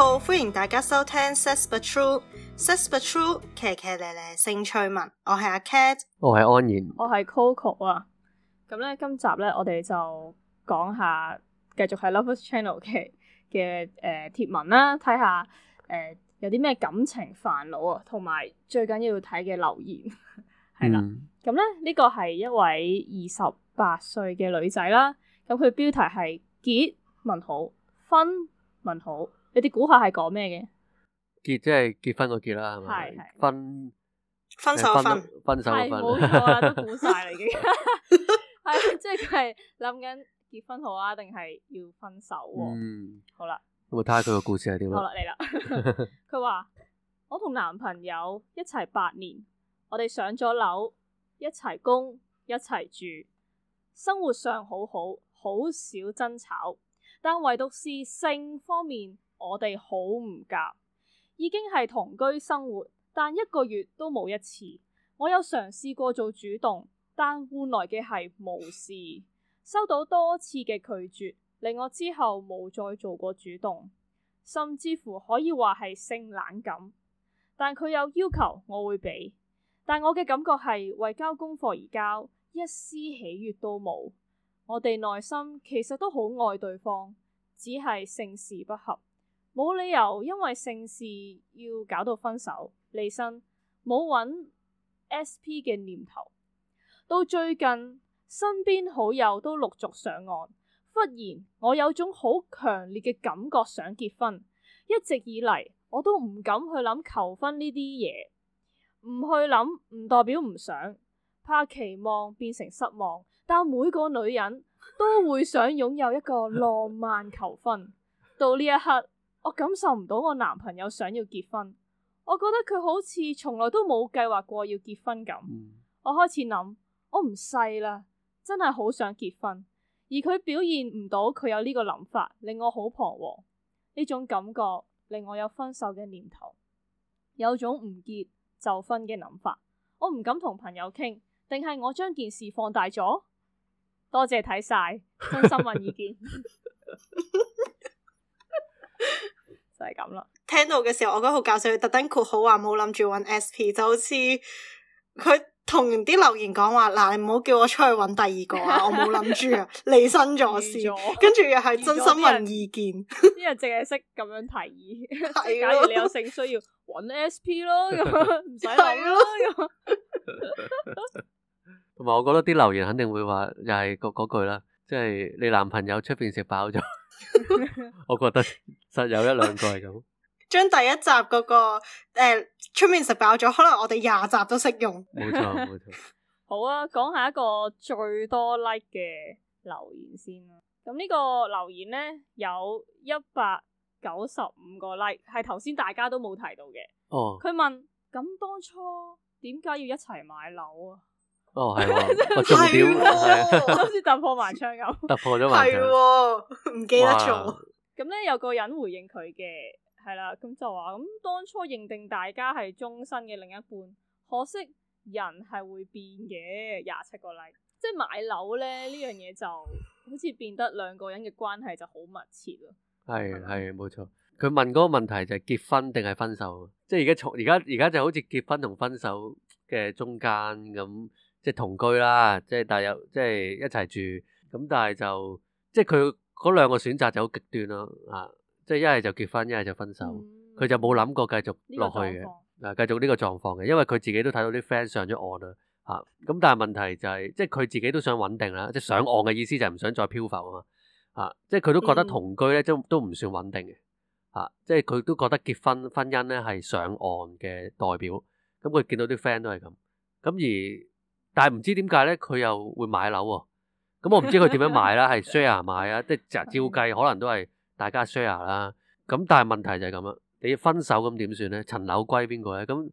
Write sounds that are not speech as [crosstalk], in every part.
好，歡迎大家收聽 s s True, 奇奇雷雷。s e s p h e t r u t s e s p h e truth，騎騎咧咧，性趣聞。我係阿 Cat，我係安然，我係 Coco 啊。咁咧，今集咧，我哋就講下繼，繼續係 Lovers Channel 嘅嘅誒貼文啦，睇下誒有啲咩感情煩惱啊，同埋最緊要睇嘅留言係 [laughs] [laughs] 啦。咁咧、嗯，呢個係一位二十八歲嘅女仔啦。咁、嗯、佢、嗯、標題係結問號，分問號。好你哋估下係講咩嘅？結即係、就是、結婚個結啦，係咪？係是是 分分手分分手個分，冇錯啦，都估晒嚟嘅。經。 [laughs] [laughs] 係即係佢係諗緊結婚好啊，定係要分手？嗯，好啦了，咁 [laughs] 我睇下佢個故事係點樣。好啦，嚟啦。佢 [laughs] 話我同男朋友一齊八年，我哋上咗樓，一齊供，一齊住，生活上好好，好少爭吵，但唯獨是性方面。我哋好唔夾，已經係同居生活，但一個月都冇一次。我有嘗試過做主動，但換來嘅係無視，收到多次嘅拒絕，令我之後冇再做過主動，甚至乎可以話係性冷感。但佢有要求，我會俾，但我嘅感覺係為交功課而交，一絲喜悅都冇。我哋內心其實都好愛對方，只係性事不合。冇理由因為性事要搞到分手離身，冇搵 SP 嘅念頭。到最近身邊好友都陸續上岸，忽然我有種好強烈嘅感覺想結婚。一直以嚟我都唔敢去諗求婚呢啲嘢，唔去諗唔代表唔想，怕期望變成失望。但每個女人都會想擁有一個浪漫求婚。到呢一刻。我感受唔到我男朋友想要結婚，我覺得佢好似從來都冇計劃過要結婚咁。嗯、我開始諗，我唔細啦，真係好想結婚，而佢表現唔到佢有呢個諗法，令我好彷徨。呢種感覺令我有分手嘅念頭，有種唔結就分嘅諗法。我唔敢同朋友傾，定係我將件事放大咗？多謝睇晒，真心問意見。 [laughs] [laughs] 就係咁啦！聽到嘅時候，我覺得好搞笑，佢特登括好話，冇諗住揾 S P，就好似佢同啲留言講話嗱，你唔好你叫我出去揾第二個 [laughs] 啊，我冇諗住啊，離身咗先，跟住又係真心問意見，啲人淨係識咁樣提議，係咯，你有性需要揾 S P 咯、 [laughs] 啊，咁唔使嚟咯，咁。同埋，我覺得啲留言肯定會話又係嗰句啦。即係你男朋友出邊食飽咗， [laughs] 我覺得實有一兩個係咁。將 [laughs] 第一集嗰、那個誒出、呃、面食飽咗，可能我哋廿集都識用。冇錯，冇錯。 [laughs] 好啊，講下一個最多 like 嘅留言先啦、啊。咁呢個留言咧有一百九十五個 like，係頭先大家都冇提到嘅。哦，佢問：咁當初點解要一齊買樓啊？哦，係啊，我 [laughs] 突破埋窗咁， [laughs] 突破咗埋係，唔記得咗。咁咧有個人回應佢嘅，係啦、啊，咁就話咁當初認定大家係終身嘅另一半，可惜人係會變嘅。廿七個例，即係買樓咧呢樣嘢，就好似變得兩個人嘅關係就好密切咯。係係冇錯，佢問嗰個問題就係結婚定係分手，即係而家從而家而家就好似結婚同分手嘅中間咁。即係同居啦，即係但係即係一齊住，咁但係就即係佢嗰兩個選擇就好極端咯，啊！即係一係就結婚，一係就分手，佢、嗯、就冇諗過繼續落去嘅，啊，繼續呢個狀況嘅，因為佢自己都睇到啲 friend 上咗岸啦，吓咁但係問題就係、是，即係佢自己都想穩定啦，即係上岸嘅意思就係唔想再漂浮啊嘛，即係佢都覺得同居咧都都唔算穩定嘅，啊，即係佢都覺得結婚婚姻咧係上岸嘅代表，咁、嗯、佢見到啲 friend 都係咁，咁而。但係唔知點解咧，佢又會買樓喎、哦。咁我唔知佢點樣買啦，係 [laughs] share 買啊，即係照計可能都係大家 share 啦。咁、嗯、但係問題就係咁啦，你分手咁點算咧？層樓歸邊個咧？咁、嗯、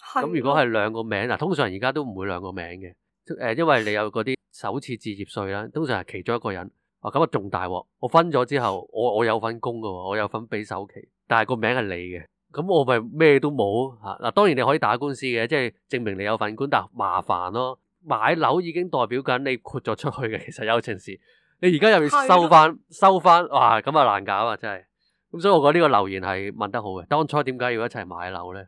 咁、 [laughs] 嗯、如果係兩個名嗱，通常而家都唔會兩個名嘅，誒，因為你有嗰啲首次置業稅啦，通常係其中一個人。啊、哦，咁啊仲大鑊！我分咗之後，我我有份工㗎喎，我有份俾首期，但係個名係你嘅，咁我咪咩都冇嚇嗱。當然你可以打官司嘅，即係證明你有份官。但麻煩咯。買樓已經代表緊你豁咗出去嘅，其實有情事，你而家又要收翻是的，收翻，哇，咁啊難搞啊，真係。咁、嗯、所以我覺得呢個留言係問得好嘅。當初點解要一齊買樓咧？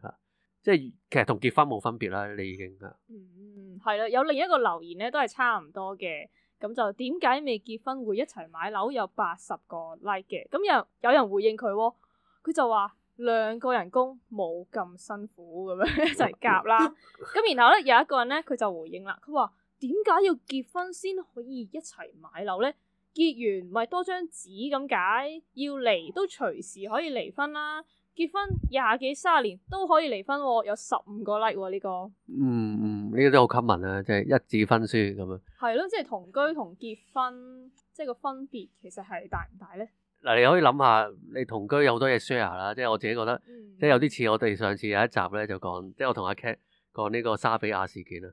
即係其實同結婚冇分別啦，你已經。嗯，係啦，有另一個留言咧，都係差唔多嘅。咁就點解未結婚會一齊買樓？有八十個 like 嘅，咁又有人回應佢、哦，佢就話。兩個人工冇咁辛苦咁樣 [laughs] 一齊夾啦，咁 [laughs] 然後咧有一個人咧佢就回應啦，佢話點解要結婚先可以一齊買樓咧？結完咪多張紙咁解。要離都隨時可以離婚啦。結婚廿幾卅年都可以離婚喎，有十五個 like 呢個。嗯嗯，呢個都好吸引啊，即係一紙婚書咁樣。係咯，即係同居同結婚，即係個分別其實係大唔大咧？你可以諗下，你同居有好多嘢 share 啦，即係我自己覺得，即係有啲似我哋上次有一集咧，就講，嗯、即係我同阿 k a t 講呢個沙比亞事件啦，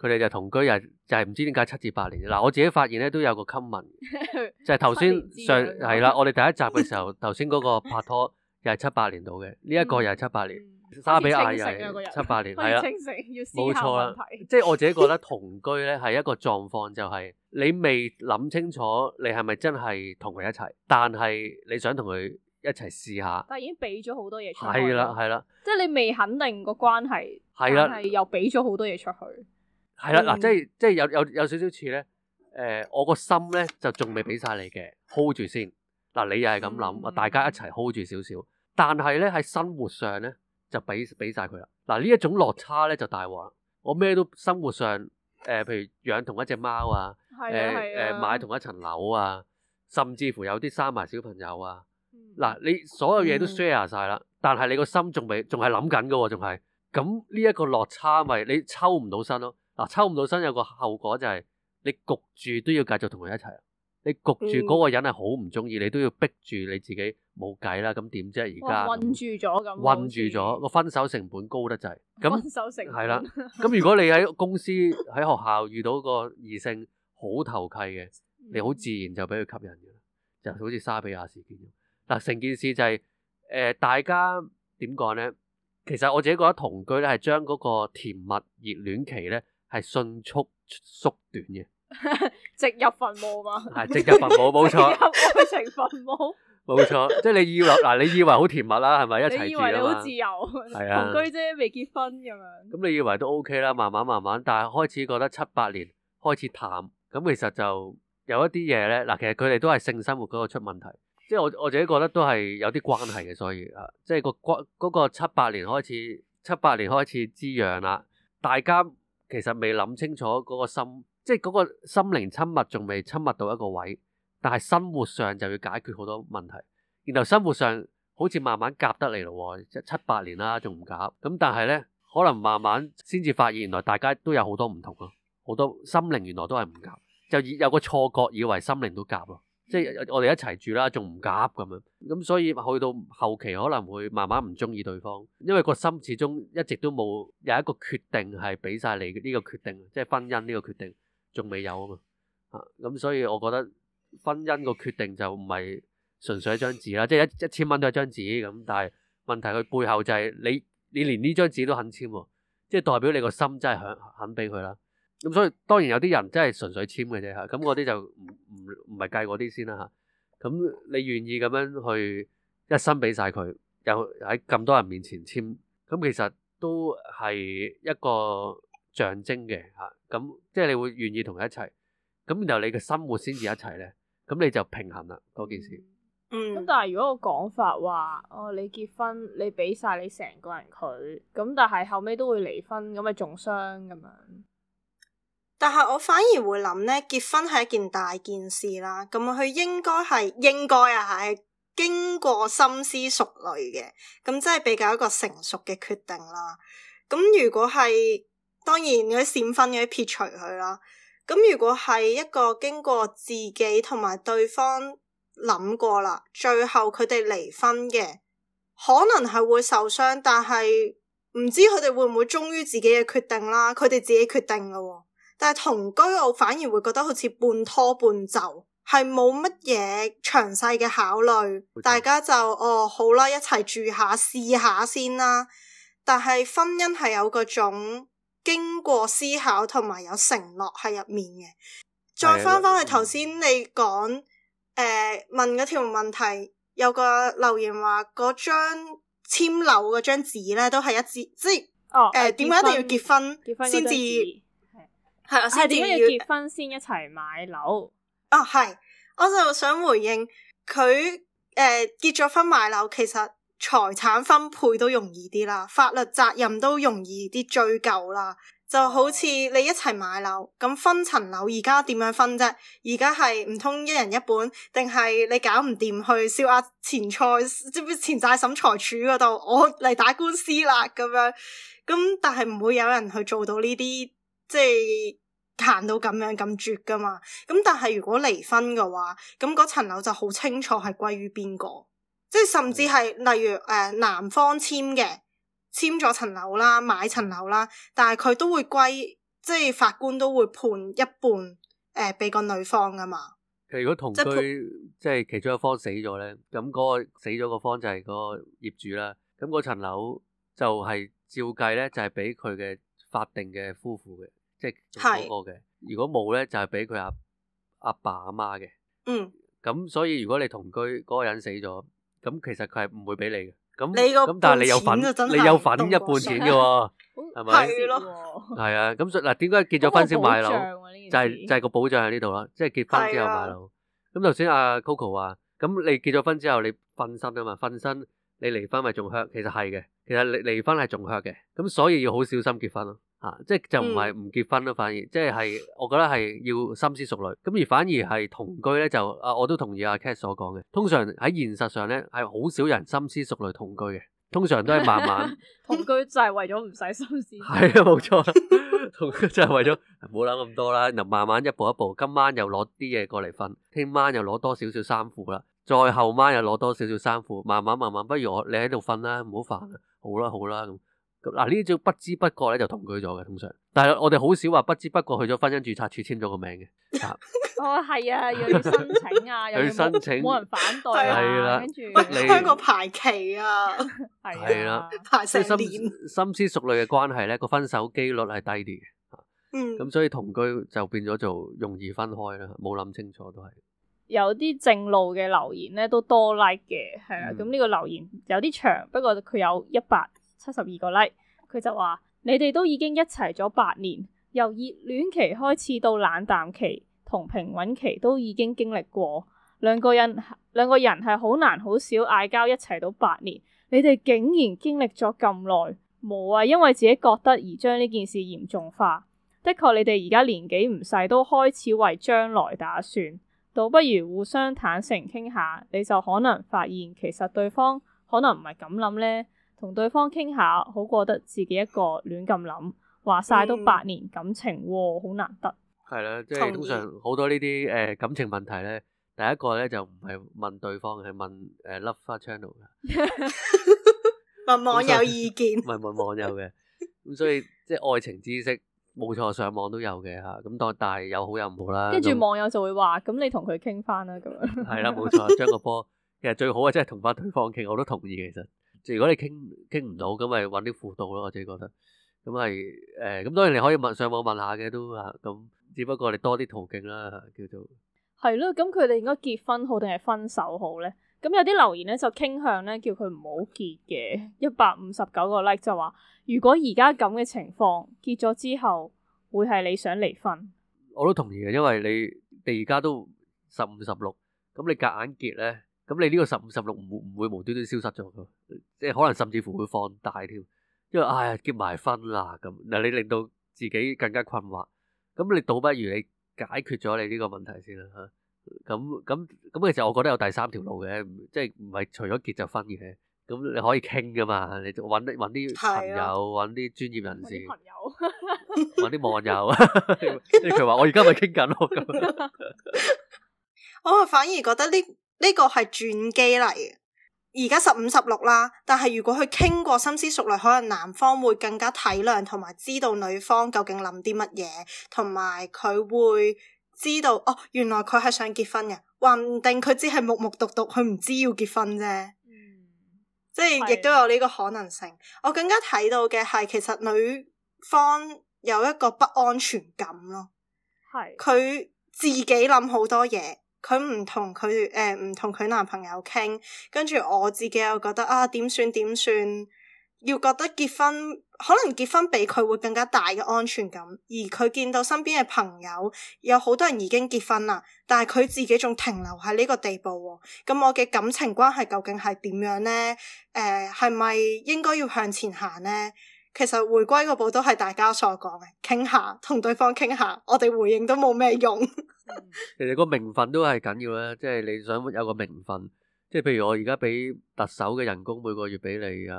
佢哋就同居又就係、是、唔知點解七至八年。嗱，我自己發現咧都有個 common， [laughs] 就係頭先上係啦，我哋第一集嘅時候頭先嗰個拍拖又係七八年到嘅，呢、這、一個又係七八年。嗯 [laughs] 沙比阿人，七八年係啦，冇 [laughs] 錯啦。即係我自己覺得同居咧，係一個狀況， [laughs] 就係你未諗清楚，你係咪真係同佢一齊？但係你想同佢一齊試下。但係已經俾咗好多嘢出。係啦，係啦。即係你未肯定個關係，係啦的，又俾咗好多嘢出去。係的、嗯、啦，嗱，即係即係有有有少少似咧。誒、呃，我個心咧就仲未俾晒你嘅，hold 住先。嗱、啊，你又係咁諗，我、嗯、大家一齊 hold 住少少。但係咧喺生活上咧，就俾俾曬佢啦，嗱，呢種落差呢就大喎。我咩都生活上誒、呃，譬如養同一隻貓啊，誒誒買同一層樓啊，甚至乎有啲生埋小朋友啊。嗱，你所有嘢都 share 曬啦，是的但係你個心仲未仲係諗緊嘅喎，仲係、啊。咁呢一個落差咪你抽唔到身咯、啊。抽唔到身有個後果就係你焗住都要繼續同佢一齊。你焗住嗰個人係好唔鍾意，你都要逼住你自己。冇計啦，咁點啫？而家、哦、困住咗，咁困住咗個，分手成本高得滯。咁分手成本。咁係啦，咁 [laughs] 如果你喺公司喺學校遇到個異性好投契嘅，你好自然就俾佢吸引嘅，就好似沙比亞事件。嗱，成件事就係、是、誒、呃，大家點講咧？其實我自己覺得同居咧，係將嗰個甜蜜熱戀期咧，係迅速縮短嘅 [laughs] [laughs] 直入墳墓嘛。係 [laughs] 直入墳墓，冇錯。直入愛情墳墓。冇錯，即係你以為嗱， [laughs] 你以為好甜蜜啦，係咪一齊住啦？你以為你好自由。係啊，同居啫，未結婚咁樣。咁你以為都 OK 啦，慢慢慢慢，但係開始覺得七八年開始淡，咁其實就有一啲嘢咧嗱，其實佢哋都係性生活嗰個出問題，即係我我自己覺得都係有啲關係嘅，所以啊，即係個關嗰個七八年開始七八年開始滋養啦，大家其實未諗清楚嗰個心，即係嗰個心靈親密仲未親密到一個位。但係生活上就要解決好多問題，然後生活上好似慢慢夾得嚟咯，七八年啦，仲唔夾？咁但係呢，可能慢慢先至發現，原來大家都有好多唔同咯，好多心靈原來都係唔夾，就以有個錯覺以為心靈都夾咯，即係我哋一齊住啦，仲唔夾咁樣？咁所以去到後期可能會慢慢唔中意對方，因為個心始終一直都冇有,有一個決定係俾晒你呢個決定，即係婚姻呢個決定仲未有啊嘛，咁所以我覺得。婚姻個決定就唔係純粹一張紙啦，即係一一千蚊都係一張紙咁，但係問題佢背後就係你你連呢張紙都肯簽喎，即係代表你個心真係肯肯俾佢啦。咁所以當然有啲人真係純粹簽嘅啫吓，咁嗰啲就唔唔唔係計嗰啲先啦吓。咁、啊、你願意咁樣去一生俾晒佢，又喺咁多人面前簽，咁其實都係一個象徵嘅吓，咁、啊、即係你會願意同佢一齊。咁然後你嘅生活先至一齊咧，咁你就平衡啦嗰件事。咁、嗯、但係如果個講法話，哦你結婚你俾晒你成個人佢，咁但係後尾都會離婚，咁咪仲傷咁樣。但係我反而會諗咧，結婚係一件大件事啦，咁佢應該係應該啊係經過深思熟慮嘅，咁即係比較一個成熟嘅決定啦。咁如果係當然你啲閃婚嗰啲撇除佢啦。咁如果係一個經過自己同埋對方諗過啦，最後佢哋離婚嘅，可能係會受傷，但係唔知佢哋會唔會忠於自己嘅決定啦，佢哋自己決定嘅。但係同居我反而會覺得好似半拖半就，係冇乜嘢詳細嘅考慮，大家就哦好啦，一齊住下試下先啦。但係婚姻係有嗰種。經過思考同埋有承諾喺入面嘅，再返返去頭先你講誒的、呃、問嗰條問題，有個留言話嗰張簽樓嗰張紙咧都係一紙，即係哦，誒、呃，點解婚一定要結婚，結婚先至係係啊？點解才的要結婚先一齊買樓？哦，係，我就想回應佢誒、呃、結咗婚買樓其實。財產分配都容易啲啦，法律責任都容易啲追究啦。就好似你一齊買樓，咁分層樓而家點樣分啫？而家係唔通一人一本，定係你搞唔掂去小額、啊、錢債，即係錢債審裁處嗰度，我嚟打官司啦咁樣。咁但係唔會有人去做到呢啲，即係行到咁樣咁絕噶嘛。咁但係如果離婚嘅話，咁嗰層樓就好清楚係歸於邊個。即係甚至係例如誒男、呃、方簽嘅簽咗層樓啦，買層樓啦，但係佢都會歸即係法官都會判一半誒俾、呃、個女方㗎嘛。如果同居即係其中一方死咗咧，咁、那、嗰個死咗個方就係個業主啦。咁、那、嗰、個、層樓就係照計咧，就係俾佢嘅法定嘅夫婦嘅，即係做嗰個嘅。是如果冇咧，就係俾佢阿阿爸阿媽嘅。嗯，咁所以如果你同居嗰個人死咗。咁其實佢係唔會俾你嘅，咁咁但係你有份，你有份一半錢嘅喎，係咪？係啊，咁所以嗱，點解的 [laughs] 結咗婚先買樓？就係就係個保障喺呢度啦，即係結婚之後買樓。咁頭先阿 Coco 話，咁、啊、你結咗婚之後你瞓身啊嘛，瞓身你離婚咪仲靴？其實係嘅，其實離離婚係仲靴嘅，咁所以要好小心結婚咯、啊。啊，即係就唔係唔結婚咯，反而即係我覺得係要深思熟慮，咁而反而係同居咧就啊，我都同意阿、啊、Kat 所講嘅，通常喺現實上咧係好少人深思熟慮同居嘅，通常都係慢慢 [laughs] 同居就係為咗唔使心思，係 [laughs] 啊，冇錯，同居就係為咗唔好諗咁多啦，嗱，慢慢一步一步，今晚又攞啲嘢過嚟瞓，聽晚又攞多少少衫褲啦，再後晚又攞多少少衫褲，慢慢慢慢，不如我你喺度瞓啦，唔好煩啦，好啦好啦咁。嗱，呢啲就不知不覺咧就同居咗嘅，通常。但係我哋好少話不知不覺去咗婚姻註冊處簽咗個名嘅。啊、哦，係啊，又要申請啊，又要冇人反對，係啦，跟住香港排期啊，係啊，啊啊排成年。深思熟慮嘅關係咧，個分手機率係低啲嘅。嗯。咁所以同居就變咗做容易分開啦，冇諗清楚都係。有啲正路嘅留言咧都多 like 嘅，係啊，咁、嗯、呢個留言有啲長，不過佢有一百。七十二個 like，佢就話：你哋都已經一齊咗八年，由熱戀期開始到冷淡期、同平穩期都已經經歷過。兩個人兩個人係好難好少嗌交一齊到八年，你哋竟然經歷咗咁耐，冇謂因為自己覺得而將呢件事嚴重化。的確，你哋而家年紀唔細，都開始為將來打算，倒不如互相坦誠傾下，你就可能發現其實對方可能唔係咁諗呢。」同對方傾下，好過得自己一個亂咁諗，話晒、嗯、都八年感情喎，好、哦、難得。係啦，即係通常好多呢啲誒感情問題咧，第一個咧就唔係問對方，係問誒 Love Channel 啦，問網友意見，問問網友嘅。咁 [laughs] 所以，所以即係愛情知識冇錯，上網都有嘅吓。咁但係有好有唔好啦。跟住網友就會話：咁就你同佢傾翻啦。咁樣係啦，冇錯， [laughs] 將個波其實最好嘅即係同翻對方傾，我都同意其實，其實。如果你傾傾唔到，咁咪搵啲輔導咯。我自己覺得，咁係誒，咁當然你可以問上網問下嘅都嚇，咁只不過你多啲途徑啦，叫做係咯。咁佢哋應該結婚好定係分手好咧？咁有啲留言咧就傾向咧叫佢唔好結嘅，一百五十九個 like 就話：如果而家咁嘅情況結咗之後，會係你想離婚。我都同意嘅，因為你哋而家都十五十六，咁你夾硬結咧。咁你呢個十五十六唔會唔會無端端消失咗咯？即係可能甚至乎會放大添，因為哎結埋婚啦咁嗱，你令到自己更加困惑。咁你倒不如你解決咗你呢個問題先啦吓。咁咁咁其實我覺得有第三條路嘅，嗯、即係唔係除咗結就婚嘅。咁你可以傾噶嘛。你揾啲啲朋友，揾啲專業人士，嗯、揾啲 [laughs] 網友。 [laughs] 即係佢話我而家咪傾緊咯。 [laughs] 我反而覺得呢。呢個係轉機嚟，而家十五十六啦。但係如果佢傾過深思熟慮，可能男方會更加體諒同埋知道女方究竟諗啲乜嘢，同埋佢會知道哦，原來佢係想結婚嘅，話唔定佢只係木木獨獨，佢唔知要結婚啫。嗯，即係亦是的 都有呢個可能性。我更加睇到嘅係，其實女方有一個不安全感咯，係佢是的 自己諗好多嘢。佢唔同佢，誒，唔同佢男朋友傾，跟住我自己又覺得啊，點算點算，要覺得結婚，可能結婚畀佢會更加大嘅安全感。而佢見到身邊嘅朋友有好多人已經結婚啦，但係佢自己仲停留喺呢個地步。咁，哦，嗯，我嘅感情關係究竟係點樣呢？誒，呃，係咪應該要向前行呢？其實回歸嗰步都係大家所講嘅，傾下同對方傾下，我哋回應都冇咩用。其實個名分都係緊要啦，即係你想有個名分，即係譬如我而家俾特首嘅人工每個月俾你啊，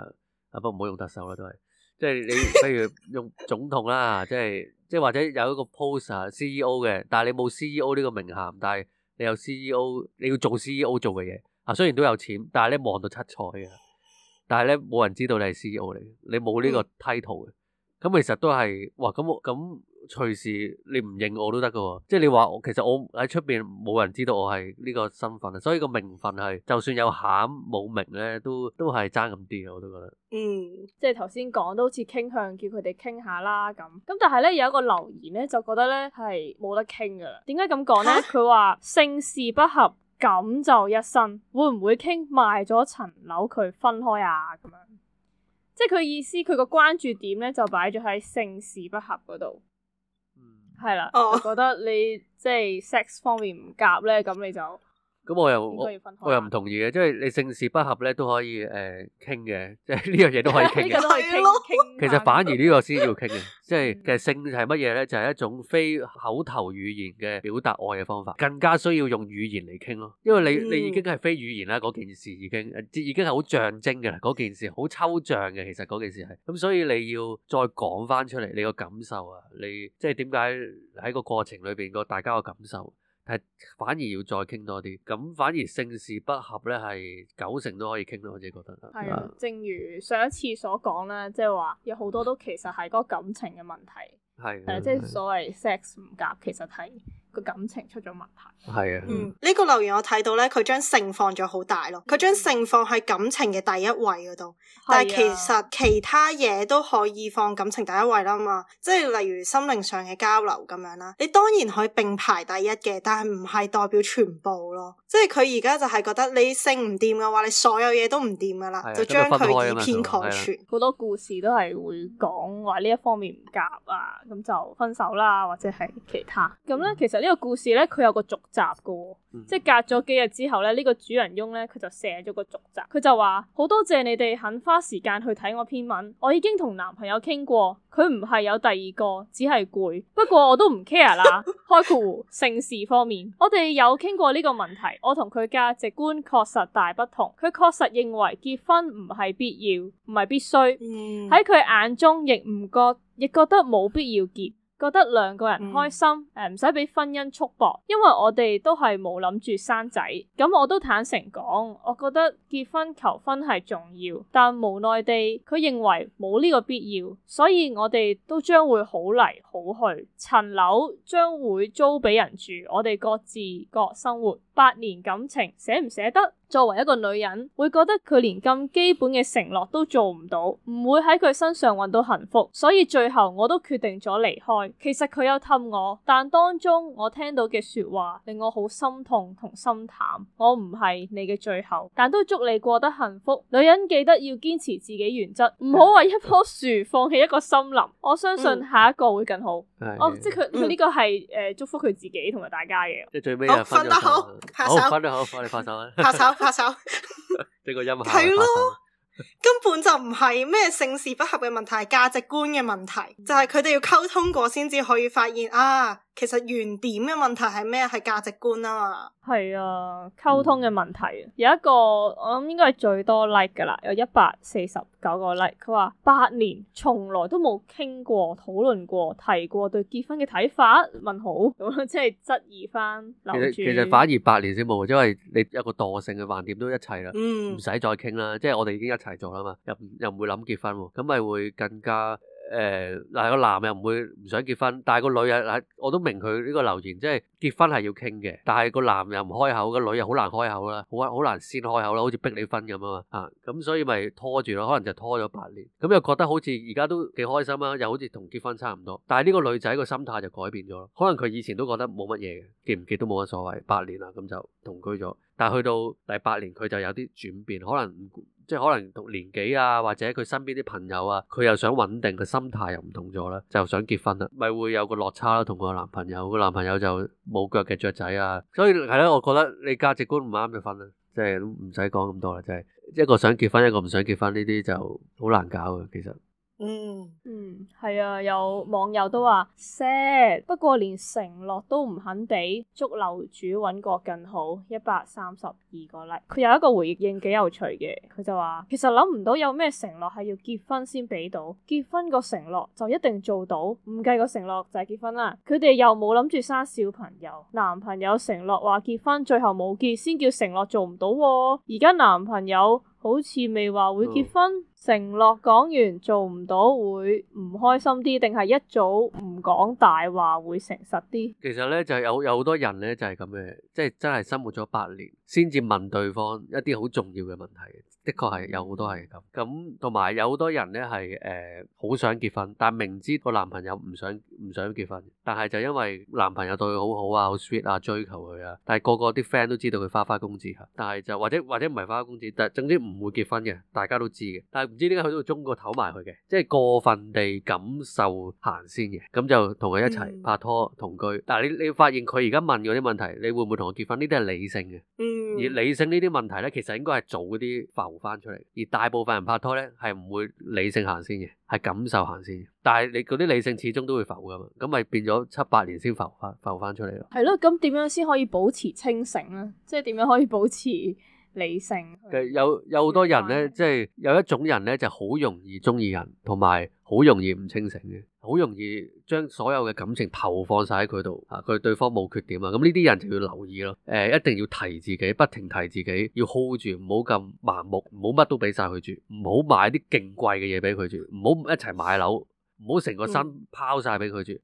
不過唔好用特首啦都係，即係你譬如用總統啦，即係即係或者有一個 poster、啊、CEO 嘅，但係你冇 CEO 呢個名銜，但係你有 CEO 你要做 CEO 做嘅嘢啊，雖然都有錢，但係你望到七彩嘅。但係咧，冇人知道你係 CEO 嚟，你冇呢個 title 嘅。咁、嗯、其實都係，哇，咁我咁隨時你唔認我都得噶、哦，即係你話其實我喺出邊冇人知道我係呢個身份，所以個名份係就算有餡冇名咧，都都係爭咁啲嘅，我都覺得。嗯，即係頭先講都好似傾向叫佢哋傾下啦，咁，咁但係咧有一個留言咧，就覺得咧係冇得傾噶啦，點解咁講咧？佢話姓氏不合。咁就一生會唔會傾賣咗層樓佢分開啊？咁樣，即係佢意思，佢個關注點咧就擺咗喺性事不合嗰度，係啦，我覺得你即係 sex 方面唔夾咧，咁你就。咁我又我又唔同意嘅，即係你性事不合咧都可以誒傾嘅，即係呢樣嘢都可以傾嘅。 [laughs] [laughs] 其實反而呢個先要傾嘅， [laughs] 即係其實性係乜嘢咧？就係、是、一種非口頭語言嘅表達愛嘅方法，更加需要用語言嚟傾咯。因為你、嗯、你已經係非語言啦，嗰件事已經誒已經係好象徵嘅啦，嗰件事好抽象嘅，其實嗰件事係。咁所以你要再講翻出嚟，你個感受啊，你即係點解喺個過程裏邊個大家個感受？係，反而要再傾多啲，咁反而性事不合咧，係九成都可以傾咯，我自己覺得。係啊，正如上一次所講啦，即係話有好多都其實係嗰個感情嘅問題，係，即係所謂 sex 唔夾，其實係。個感情出咗問題，係啊，嗯，呢、嗯這個留言我睇到咧，佢將性放咗好大咯，佢將、嗯、性放喺感情嘅第一位嗰度，的但係其實其他嘢都可以放感情第一位啦嘛，即係例如心靈上嘅交流咁樣啦，你當然可以並排第一嘅，但係唔係代表全部咯，即係佢而家就係覺得你性唔掂嘅話，你所有嘢都唔掂噶啦，的就將佢以偏概全，好住多故事都係會講話呢一方面唔夾啊，咁就分手啦，或者係其他，咁咧其實。呢個故事咧，佢有個續集噶、哦，嗯、即係隔咗幾日之後咧，呢、呢個主人翁咧，佢就寫咗個續集。佢就話好 [laughs] 多謝你哋肯花時間去睇我篇文。我已經同男朋友傾過，佢唔係有第二個，只係攰。不過我都唔 care 啦。 [laughs] 開括性事方面，我哋有傾過呢個問題。我同佢價值觀確實大不同，佢確實認為結婚唔係必要，唔係必須。喺佢、嗯、眼中亦唔覺，亦覺得冇必要結。覺得兩個人開心，誒唔使俾婚姻束縛，因為我哋都係冇諗住生仔，咁我都坦誠講，我覺得結婚求婚係重要，但無奈地佢認為冇呢個必要，所以我哋都將會好嚟好去，層樓將會租俾人住，我哋各自各生活，八年感情捨唔捨得？作為一個女人，會覺得佢連咁基本嘅承諾都做唔到，唔會喺佢身上揾到幸福，所以最後我都決定咗離開。其實佢有氹我，但當中我聽到嘅說話令我好心痛同心淡。我唔係你嘅最後，但都祝你過得幸福。女人記得要堅持自己原則，唔好為一棵樹放棄一個森林。我相信下一個會更好。嗯、哦，嗯、即係佢呢個係誒祝福佢自己同埋大家嘅。即係最尾又分手。好，分得好，快嚟分手啦！哦 [laughs] 拍手，呢個害 [laughs] [laughs] 音係拍手，根本就唔係咩性事不合嘅問題，係價值觀嘅問題，就係佢哋要溝通過先至可以發現啊。其實原點嘅問題係咩？係價值觀啊嘛。係啊，溝通嘅問題。嗯、有一個，我諗應該係最多 like 噶啦，有一百四十九個 like。佢話八年從來都冇傾過、討論過、提過對結婚嘅睇法。問號，咁 [laughs] 即係質疑翻。其實，着其實反而八年先冇，因為你有一個惰性嘅，橫掂都一齊啦，唔使、嗯、再傾啦。即係我哋已經一齊做啦嘛，又又唔會諗結婚喎，咁咪會，會更加。誒嗱，個男又唔會唔想結婚，但係個女又嗱，我都明佢呢個留言，即係結婚係要傾嘅。但係個男又唔開口，個女又好難開口啦，好難好難先開口啦，好似逼你婚咁啊嘛，啊咁，所以咪拖住咯，可能就拖咗八年。咁又覺得好似而家都幾開心啦，又好似同結婚差唔多。但係呢個女仔個心態就改變咗咯，可能佢以前都覺得冇乜嘢嘅，結唔結都冇乜所謂。八年啦，咁就同居咗，但係去到第八年佢就有啲轉變，可能。即係可能同年紀啊，或者佢身邊啲朋友啊，佢又想穩定個心態又唔同咗啦，就想結婚啦，咪會有個落差咯。啊，同個男朋友，個男朋友就冇腳嘅雀仔啊，所以係咯，我覺得你價值觀唔啱就分啦，即係都唔使講咁多啦，即係一個想結婚，一個唔想結婚呢啲就好難搞嘅，其實。嗯嗯，係、嗯、啊，有網友都話 sad, 不過連承諾都唔肯俾，祝樓主揾個更好一百三十二個例、like，佢有一個回應幾有趣嘅，佢就話其實諗唔到有咩承諾係要結婚先畀到，結婚個承諾就一定做到，唔計個承諾就係結婚啦。佢哋又冇諗住生小朋友，男朋友承諾話結婚，最後冇結先叫承諾做唔到、啊，而家男朋友好似未話會結婚。嗯承諾講完做唔到會唔開心啲，定係一早唔講大話會誠實啲？其實呢就係有有好多人呢就係咁嘅，即係真係生活咗八年先至問對方一啲好重要嘅問題嘅，的確係有好多係咁。咁同埋有好多人呢係誒好想結婚，但係明知個男朋友唔想唔想結婚，但係就因為男朋友對佢好好啊，好 sweet 啊，追求佢啊，但係個個啲 friend 都知道佢花花公子嚇，但係就或者或者唔係花花公子，但係總之唔會結婚嘅，大家都知嘅，但係。唔知點解去到中國唞埋佢嘅，即係過分地感受行先嘅，咁就同佢一齊、嗯、拍拖同居。但係你你發現佢而家問我啲問題，你會唔會同佢結婚？呢啲係理性嘅，嗯、而理性呢啲問題咧，其實應該係早嗰啲浮翻出嚟。而大部分人拍拖咧，係唔會理性行先嘅，係感受行先。但係你嗰啲理性始終都會浮噶嘛，咁咪變咗七八年先浮翻浮翻出嚟咯。係咯，咁點樣先可以保持清醒咧？即係點樣可以保持？理性，有好多人呢，即係有一種人呢，就好容易鍾意人，同埋好容易唔清醒嘅，好容易將所有嘅感情投放晒喺佢度啊！佢對方冇缺點啊，咁呢啲人就要留意咯。誒、呃，一定要提自己，不停提自己，要 hold 住，唔好咁盲目，唔好乜都畀晒佢住，唔好買啲勁貴嘅嘢畀佢住，唔好一齊買樓。唔好成個身拋晒俾佢住，誒、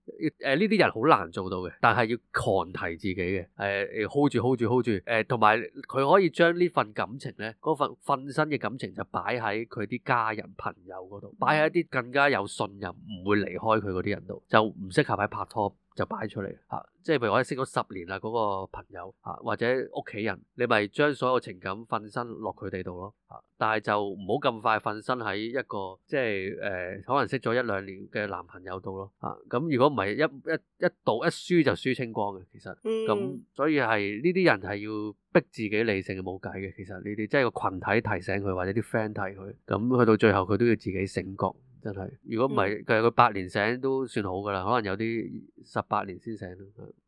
呢啲人好難做到嘅，但係要狂提自己嘅，誒 hold 住 hold 住 hold 住，誒、同埋佢可以將呢份感情咧，嗰份分身嘅感情就擺喺佢啲家人朋友嗰度，擺喺一啲更加有信任、唔會離開佢嗰啲人度，就唔適合喺拍拖。就擺出嚟嚇、啊，即係譬如我哋識咗十年啦嗰、那個朋友嚇、啊，或者屋企人，你咪將所有情感瞓身落佢哋度咯嚇。但係就唔好咁快瞓身喺一個即係誒、呃，可能識咗一兩年嘅男朋友度咯嚇。咁、啊啊、如果唔係一一一度一輸就輸清光嘅，其實咁、啊嗯、所以係呢啲人係要逼自己理性，冇計嘅。其實你哋即係個群體提醒佢，或者啲 friend 提佢，咁、嗯、去到最後佢都要自己醒覺。真係，如果唔係，佢係個八年醒都算好㗎啦，可能有啲十八年先醒咯。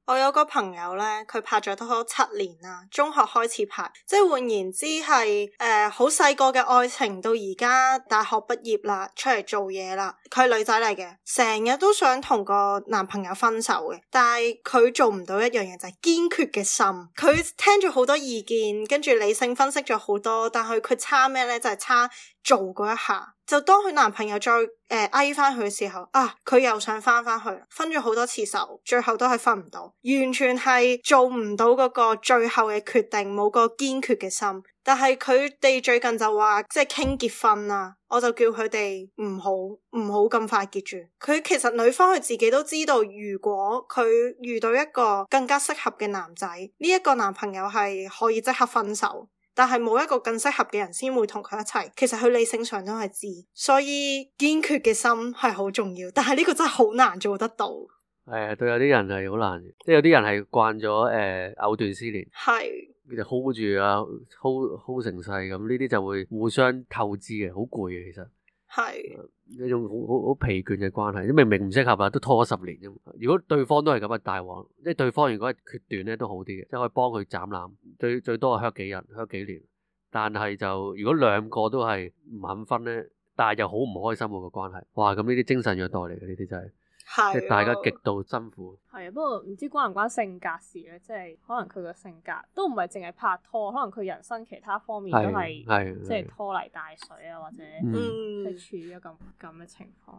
我有個朋友呢，佢拍咗拖七年啦，中學開始拍，即係換言之係誒，好細個嘅愛情到而家大學畢業啦，出嚟做嘢啦。佢係女仔嚟嘅，成日都想同個男朋友分手嘅，但係佢做唔到一樣嘢就係堅決嘅心。佢聽咗好多意見，跟住理性分析咗好多，但係佢差咩呢？就係差做嗰一下。就當佢男朋友再。誒、呃，挨翻去嘅時候啊，佢又想翻翻去，分咗好多次手，最後都係分唔到，完全係做唔到嗰個最後嘅決定，冇個堅決嘅心。但係佢哋最近就話即係傾結婚啊，我就叫佢哋唔好唔好咁快結住。佢其實女方佢自己都知道，如果佢遇到一個更加適合嘅男仔，呢、這、一個男朋友係可以即刻分手。但係冇一個更適合嘅人先會同佢一齊，其實佢理性上都係知，所以堅決嘅心係好重要，但係呢個真係好難做得到。係，對有啲人係好難嘅，即係有啲人係慣咗誒藕斷絲連，係、呃，佢就 hold 住啊，hold hold 成世咁，呢啲就會互相透支嘅，好攰嘅其實。係，一種好好好疲倦嘅關係，明明唔適合啊，都拖咗十年啫嘛。如果對方都係咁嘅大王，即係對方如果係決斷咧，都好啲嘅，即係可以幫佢斬纜。最最多係 hurt 幾日，hurt 幾年。但係就如果兩個都係唔肯分咧，但係又好唔開心個關係。哇，咁呢啲精神虐待嚟嘅呢啲就係、是。即大家極度辛苦。係啊，不過唔知關唔關性格事咧，即係可能佢個性格都唔係淨係拍拖，可能佢人生其他方面都係的即係拖泥帶水啊，的或者係處於咁咁嘅情況。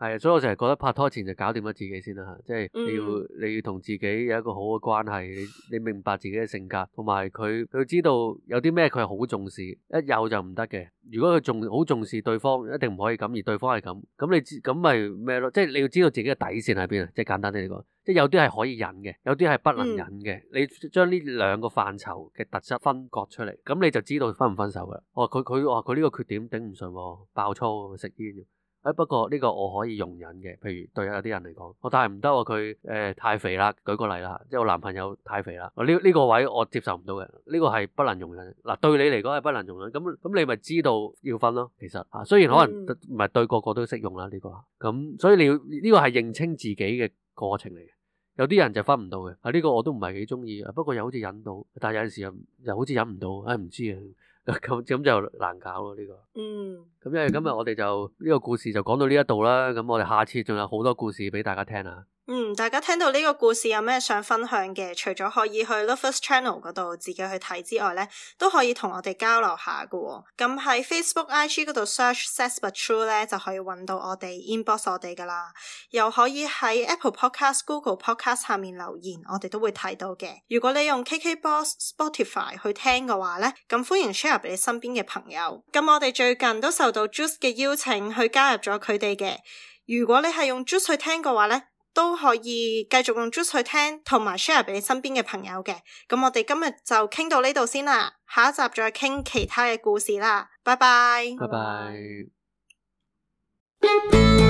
係，所以我成日覺得拍拖前就搞掂咗自己先啦、啊、嚇，即係你要你要同自己有一個好嘅關係，你，你明白自己嘅性格，同埋佢佢知道有啲咩佢係好重視，一有就唔得嘅。如果佢仲好重視對方，一定唔可以咁，而對方係咁，咁你知，咁咪咩咯？即係你要知道自己嘅底線喺邊啊！即係簡單啲嚟講，即係有啲係可以忍嘅，有啲係不能忍嘅。嗯、你將呢兩個範疇嘅特質分割出嚟，咁你就知道分唔分手噶啦。哦，佢佢哦，佢呢個缺點頂唔順喎，爆粗食煙。誒、哎，不過呢個我可以容忍嘅。譬如，對有啲人嚟講，我但係唔得喎，佢。誒、呃、太肥啦。舉個例啦，即係我男朋友太肥啦，呢、這、呢個位我接受唔到嘅，呢、這個係不、不能容忍。嗱、嗯，對你嚟講係不能容忍，咁咁你咪知道要分咯、啊。其實吓、啊，雖然可能唔係對個個都識用啦呢個，咁、嗯嗯、所以你要呢、這個係認清自己嘅過程嚟嘅。有啲人就分唔到嘅，啊呢、這個我都唔係幾中意嘅，不過又好似忍到，但係有陣時又又好似忍唔到，誒、哎、唔知啊。咁 [laughs] 就難搞咯呢個，嗯，咁因為今日我哋就呢個故事就講到呢一度啦，咁我哋下次仲有好多故事畀大家聽啊。嗯，大家聽到呢個故事有咩想分享嘅？除咗可以去 Lufus Channel 嗰度自己去睇之外呢都可以同我哋交流下嘅、哦。咁喺 Facebook、IG 嗰度 search Sasba True 呢，就可以揾到我哋 inbox 我哋噶啦。又可以喺 Apple Podcast、Google Podcast 下面留言，我哋都會睇到嘅。如果你用 KKBox、Spotify 去聽嘅話呢，咁、嗯、歡迎 share 俾你身邊嘅朋友。咁、嗯、我哋最近都受到 Juice 嘅邀請去加入咗佢哋嘅。如果你係用 Juice 去聽嘅話呢。都可以繼續用 Jus 去聽，同埋 share 俾身邊嘅朋友嘅。咁我哋今日就傾到呢度先啦，下一集再傾其他嘅故事啦。拜拜，拜拜。 [music]